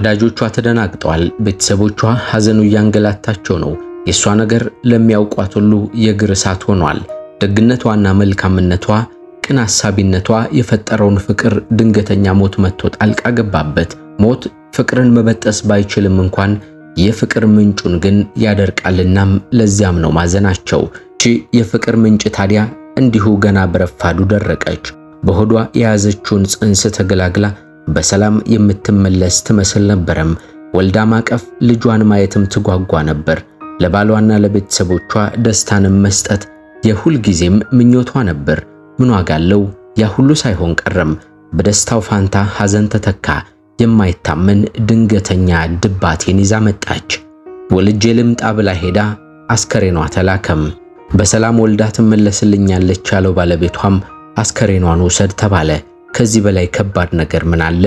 ወዳጆቿ ተደናግጠዋል። ቤተሰቦቿ ሐዘኑ እያንገላታቸው ነው። የእሷ ነገር ለሚያውቋት ሁሉ የእግር እሳት ሆኗል። ደግነቷና መልካምነቷ፣ ቅን አሳቢነቷ የፈጠረውን ፍቅር ድንገተኛ ሞት መጥቶ ጣልቃ ገባበት። ሞት ፍቅርን መበጠስ ባይችልም እንኳን የፍቅር ምንጩን ግን ያደርቃልናም ለዚያም ነው ማዘናቸው። ቺ የፍቅር ምንጭ ታዲያ እንዲሁ ገና በረፋዱ ደረቀች። በሆዷ የያዘችውን ጽንስ ተገላግላ በሰላም የምትመለስ ትመስል ነበረም። ወልዳ ማቀፍ ልጇን ማየትም ትጓጓ ነበር። ለባሏና ለቤተሰቦቿ ደስታንም መስጠት የሁል ጊዜም ምኞቷ ነበር። ምን ዋጋ አለው? ያ ሁሉ ሳይሆን ቀረም። በደስታው ፋንታ ሐዘን ተተካ። የማይታመን ድንገተኛ ድባቴን ይዛ መጣች። ወልጄ ልምጣ ብላ ሄዳ አስከሬኗ ተላከም። በሰላም ወልዳ ትመለስልኛለች ያለው ባለቤቷም አስከሬኗን ውሰድ ተባለ። ከዚህ በላይ ከባድ ነገር ምን አለ?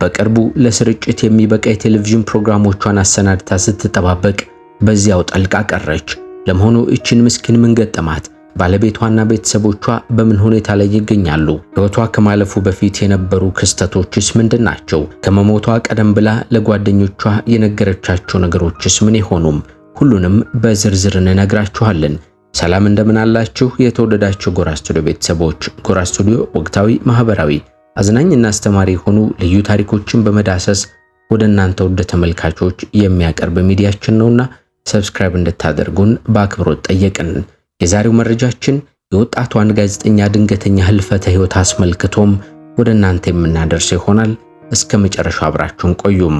በቅርቡ ለስርጭት የሚበቃ የቴሌቪዥን ፕሮግራሞቿን አሰናድታ ስትጠባበቅ በዚያው ጠልቃ ቀረች። ለመሆኑ እችን ምስኪን ምን ገጠማት? ባለቤቷና ቤተሰቦቿ በምን ሁኔታ ላይ ይገኛሉ? ሕይወቷ ከማለፉ በፊት የነበሩ ክስተቶችስ ምንድን ናቸው? ከመሞቷ ቀደም ብላ ለጓደኞቿ የነገረቻቸው ነገሮችስ ምን ይሆኑም? ሁሉንም በዝርዝር እንነግራችኋለን። ሰላም እንደምን አላችሁ? የተወደዳችሁ ጎራ ስቱዲዮ ቤተሰቦች፣ ጎራ ስቱዲዮ ወቅታዊ፣ ማህበራዊ፣ አዝናኝና አስተማሪ የሆኑ ልዩ ታሪኮችን በመዳሰስ ወደ እናንተ ወደ ተመልካቾች የሚያቀርብ ሚዲያችን ነውና ሰብስክራይብ እንድታደርጉን በአክብሮት ጠየቅን። የዛሬው መረጃችን የወጣቷን ጋዜጠኛ ድንገተኛ ህልፈተ ህይወት አስመልክቶም ወደ እናንተ የምናደርስ ይሆናል። እስከ መጨረሻው አብራችሁን ቆዩም።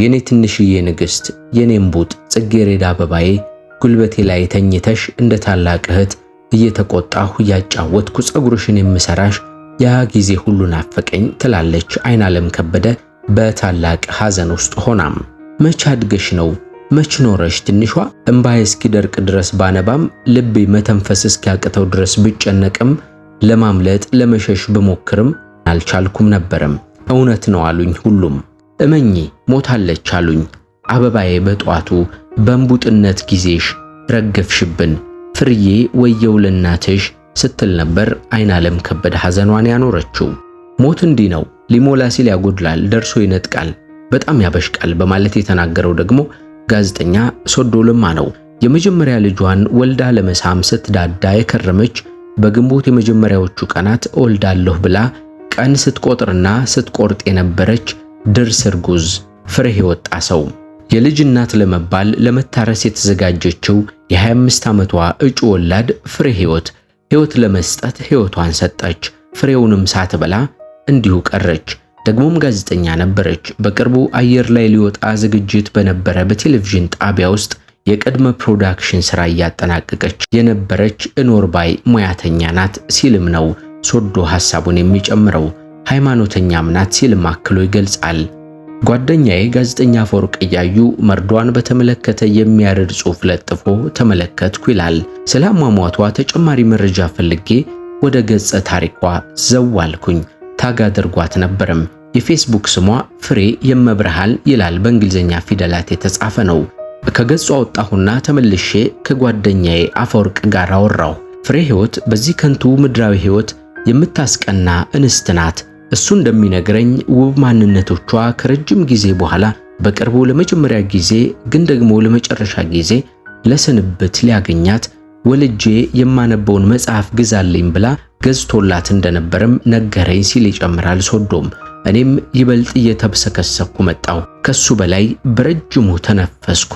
የኔ ትንሽዬ ንግሥት፣ የኔም ቡጥ ጽጌረዳ አበባዬ ጉልበቴ ላይ ተኝተሽ እንደ ታላቅ እህት እየተቆጣሁ እያጫወትኩ ጸጉርሽን የምሰራሽ ያ ጊዜ ሁሉ ናፈቀኝ ትላለች አይናለም ከበደ በታላቅ ሐዘን ውስጥ ሆናም። መች አድገሽ ነው መች ኖረሽ ትንሿ እምባዬ እስኪደርቅ ድረስ ባነባም ልቤ መተንፈስ እስኪያቅተው ድረስ ብጨነቅም ለማምለጥ ለመሸሽ ብሞክርም አልቻልኩም ነበርም። እውነት ነው አሉኝ ሁሉም። እመኚ ሞታለች አሉኝ። አበባዬ በጧቱ በንቡጥነት ጊዜሽ ረገፍሽብን ፍርዬ ወየው ለእናትሽ ስትል ነበር አይናለም ከበደ ሐዘኗን ያኖረችው። ሞት እንዲህ ነው፣ ሊሞላ ሲል ያጎድላል፣ ደርሶ ይነጥቃል፣ በጣም ያበሽቃል በማለት የተናገረው ደግሞ ጋዜጠኛ ሶዶ ለማ ነው። የመጀመሪያ ልጇን ወልዳ ለመሳም ስትዳዳ የከረመች በግንቦት የመጀመሪያዎቹ ቀናት እወልዳለሁ ብላ ቀን ስትቆጥርና ስትቆርጥ የነበረች ድርስ እርጉዝ ፍሬ የወጣ ሰው የልጅ እናት ለመባል ለመታረስ የተዘጋጀችው የ25 ዓመቷ እጩ ወላድ ፍሬ ህይወት ህይወት ለመስጠት ህይወቷን ሰጠች። ፍሬውንም ሳትበላ እንዲሁ ቀረች። ደግሞም ጋዜጠኛ ነበረች። በቅርቡ አየር ላይ ሊወጣ ዝግጅት በነበረ በቴሌቪዥን ጣቢያ ውስጥ የቅድመ ፕሮዳክሽን ስራ እያጠናቀቀች የነበረች እኖር ባይ ሙያተኛ ናት ሲልም ነው ሶዶ ሐሳቡን የሚጨምረው። ሃይማኖተኛም ናት ሲል ማክሎ ይገልጻል። ጓደኛዬ ጋዜጠኛ አፈወርቅ እያዩ መርዷን በተመለከተ የሚያርድ ጽሑፍ ለጥፎ ተመለከትኩ ይላል። ስለ አሟሟቷ ተጨማሪ መረጃ ፈልጌ ወደ ገጸ ታሪኳ ዘዋልኩኝ። ታግ አድርጓት ነበርም። የፌስቡክ ስሟ ፍሬ የመብርሃል ይላል። በእንግሊዝኛ ፊደላት የተጻፈ ነው። ከገጹ አወጣሁና ተመልሼ ከጓደኛዬ አፈወርቅ ጋር አወራሁ። ፍሬ ሕይወት በዚህ ከንቱ ምድራዊ ሕይወት የምታስቀና እንስት ናት። እሱ እንደሚነግረኝ ውብ ማንነቶቿ ከረጅም ጊዜ በኋላ በቅርቡ ለመጀመሪያ ጊዜ ግን ደግሞ ለመጨረሻ ጊዜ ለስንብት ሊያገኛት ወልጄ የማነበውን መጽሐፍ ግዛልኝ ብላ ገዝቶላት እንደነበረም ነገረኝ ሲል ይጨምራል ሶዶም። እኔም ይበልጥ እየተብሰከሰኩ መጣው። ከሱ በላይ በረጅሙ ተነፈስኩ።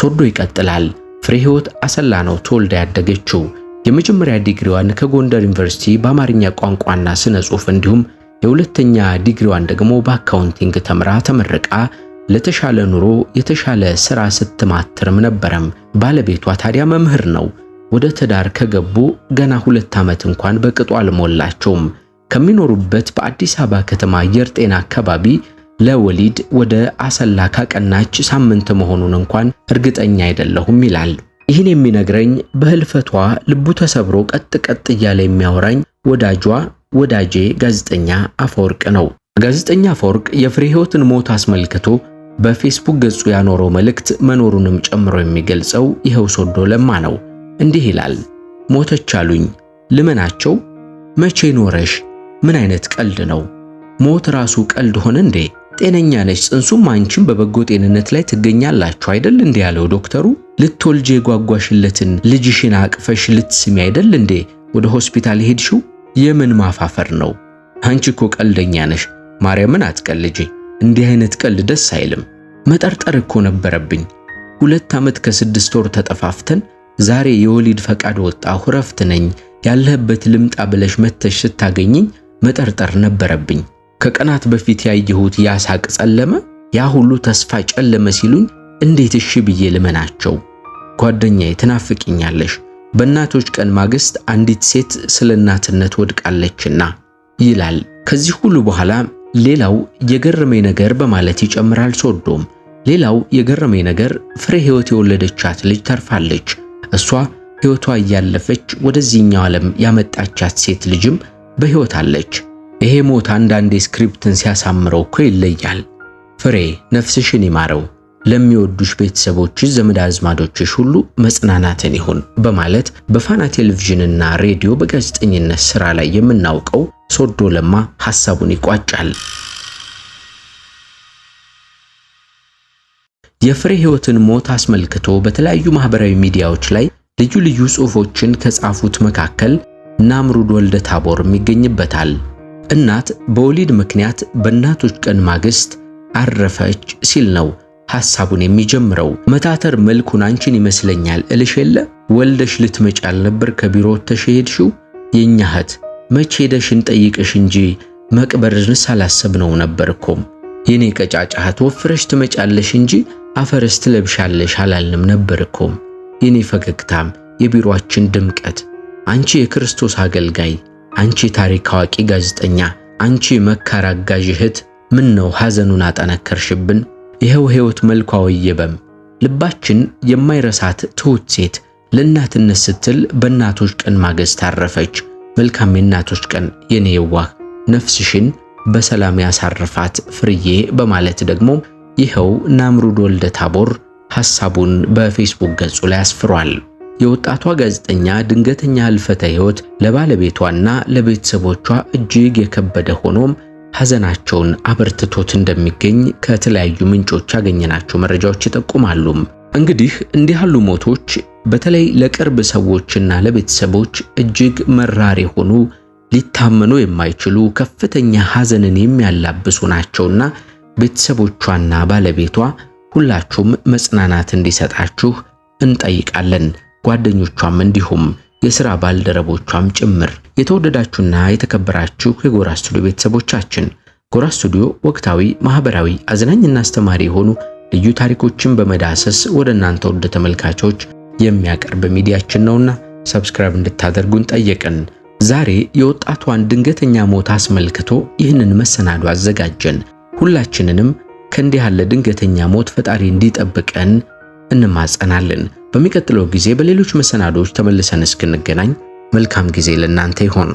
ሶዶ ይቀጥላል። ፍሬ አሰላ ነው ተወልዳ ያደገችው። የመጀመሪያ ዲግሪዋን ከጎንደር ዩኒቨርሲቲ በአማርኛ ቋንቋና ስነ ጽሑፍ እንዲሁም የሁለተኛ ዲግሪዋን ደግሞ በአካውንቲንግ ተምራ ተመርቃ ለተሻለ ኑሮ የተሻለ ስራ ስትማትርም ነበረም። ባለቤቷ ታዲያ መምህር ነው። ወደ ትዳር ከገቡ ገና ሁለት ዓመት እንኳን በቅጡ አልሞላቸውም። ከሚኖሩበት በአዲስ አበባ ከተማ አየር ጤና አካባቢ ለወሊድ ወደ አሰላ ካቀናች ሳምንት መሆኑን እንኳን እርግጠኛ አይደለሁም ይላል። ይህን የሚነግረኝ በህልፈቷ ልቡ ተሰብሮ ቀጥ ቀጥ እያለ የሚያወራኝ ወዳጇ ወዳጄ ጋዜጠኛ አፈወርቅ ነው። ጋዜጠኛ አፈወርቅ የፍሬ ህይወትን ሞት አስመልክቶ በፌስቡክ ገጹ ያኖረው መልእክት መኖሩንም ጨምሮ የሚገልጸው ይኸው ሶዶ ለማ ነው። እንዲህ ይላል። ሞተች አሉኝ ልመናቸው፣ መቼ ኖረሽ? ምን አይነት ቀልድ ነው? ሞት ራሱ ቀልድ ሆነ እንዴ? ጤነኛ ነች፣ ጽንሱም አንቺም በበጎ ጤንነት ላይ ትገኛላችሁ አይደል? እንዲህ ያለው ዶክተሩ ልትወልጅ የጓጓሽለትን ልጅሽን አቅፈሽ ልትስሚ አይደል እንዴ ወደ ሆስፒታል ሄድሽው? የምን ማፋፈር ነው? አንቺ እኮ ቀልደኛ ነሽ። ማርያምን አትቀልጂ። እንዲህ አይነት ቀልድ ደስ አይልም። መጠርጠር እኮ ነበረብኝ። ሁለት ዓመት ከስድስት ወር ተጠፋፍተን ዛሬ የወሊድ ፈቃድ ወጣ ሁረፍት ነኝ ያለህበት ልምጣ ብለሽ መተሽ ስታገኝኝ መጠርጠር ነበረብኝ። ከቀናት በፊት ያየሁት ያ ሳቅ ጸለመ፣ ያ ሁሉ ተስፋ ጨለመ ሲሉኝ እንዴት እሺ ብዬ ልመናቸው? ጓደኛዬ ትናፍቅኛለሽ። በእናቶች ቀን ማግስት አንዲት ሴት ስለ እናትነት ወድቃለችና ይላል። ከዚህ ሁሉ በኋላ ሌላው የገረመኝ ነገር በማለት ይጨምራል ሶዶም። ሌላው የገረመኝ ነገር ፍሬ ሕይወት የወለደቻት ልጅ ተርፋለች። እሷ ሕይወቷ እያለፈች ወደዚህኛው ዓለም ያመጣቻት ሴት ልጅም በሕይወት አለች። ይሄ ሞት አንዳንዴ ስክሪፕትን ሲያሳምረው እኮ ይለያል። ፍሬ ነፍስሽን ይማረው። ለሚወዱሽ ቤተሰቦች ዘመድ አዝማዶችሽ ሁሉ መጽናናትን ይሁን በማለት በፋና ቴሌቪዥንና ሬዲዮ በጋዜጠኝነት ስራ ላይ የምናውቀው ሶዶ ለማ ሐሳቡን ይቋጫል። የፍሬ ህይወትን ሞት አስመልክቶ በተለያዩ ማህበራዊ ሚዲያዎች ላይ ልዩ ልዩ ጽሑፎችን ከጻፉት መካከል ናምሩድ ወልደ ታቦርም ይገኝበታል። እናት በወሊድ ምክንያት በእናቶች ቀን ማግስት አረፈች ሲል ነው ሐሳቡን የሚጀምረው። መታተር መልኩን አንቺን ይመስለኛል እልሽ የለ ወልደሽ ልትመጪ አልነበር ከቢሮ ተሸሄድሽው የኛ እህት መቼ ሄደሽ እንጠይቅሽ እንጂ መቅበርንስ አላሰብነው ነበርኮም። የኔ ቀጫጫ እህት ወፍረሽ ትመጫለሽ እንጂ አፈረስ ትለብሻለሽ አላልንም ነበርኮም። የኔ ፈገግታም የቢሮአችን ድምቀት አንቺ የክርስቶስ አገልጋይ፣ አንቺ ታሪክ አዋቂ ጋዜጠኛ፣ አንቺ መካር አጋዥ እህት ምን ነው ሐዘኑን አጠነከርሽብን? ይኸው ሕይወት መልኳ ወየበም ልባችን የማይረሳት ትሁት ሴት ለእናትነት ስትል በእናቶች ቀን ማገዝ ታረፈች። መልካም የእናቶች ቀን የኔ የዋህ ነፍስሽን በሰላም ያሳርፋት ፍርዬ በማለት ደግሞ ይኸው ናምሩድ ወልደ ታቦር ሐሳቡን በፌስቡክ ገጹ ላይ አስፍሯል። የወጣቷ ጋዜጠኛ ድንገተኛ ህልፈተ ሕይወት ለባለቤቷና ለቤተሰቦቿ እጅግ የከበደ ሆኖም ሐዘናቸውን አበርትቶት እንደሚገኝ ከተለያዩ ምንጮች ያገኘናቸው መረጃዎች ይጠቁማሉ። እንግዲህ እንዲህ ያሉ ሞቶች በተለይ ለቅርብ ሰዎችና ለቤተሰቦች እጅግ መራር የሆኑ ሊታመኑ የማይችሉ ከፍተኛ ሐዘንን የሚያላብሱ ናቸውና ቤተሰቦቿና ባለቤቷ ሁላችሁም መጽናናት እንዲሰጣችሁ እንጠይቃለን። ጓደኞቿም እንዲሁም የሥራ ባልደረቦቿም ጭምር። የተወደዳችሁና የተከበራችሁ የጎራ ስቱዲዮ ቤተሰቦቻችን ጎራ ስቱዲዮ ወቅታዊ፣ ማህበራዊ፣ አዝናኝና አስተማሪ የሆኑ ልዩ ታሪኮችን በመዳሰስ ወደ እናንተ ወደ ተመልካቾች የሚያቀርብ ሚዲያችን ነውና ሰብስክራይብ እንድታደርጉን ጠየቅን። ዛሬ የወጣቷን ድንገተኛ ሞት አስመልክቶ ይህንን መሰናዶ አዘጋጀን። ሁላችንንም ከእንዲህ ያለ ድንገተኛ ሞት ፈጣሪ እንዲጠብቀን እንማጸናለን። በሚቀጥለው ጊዜ በሌሎች መሰናዶዎች ተመልሰን እስክንገናኝ መልካም ጊዜ ለእናንተ ይሆን።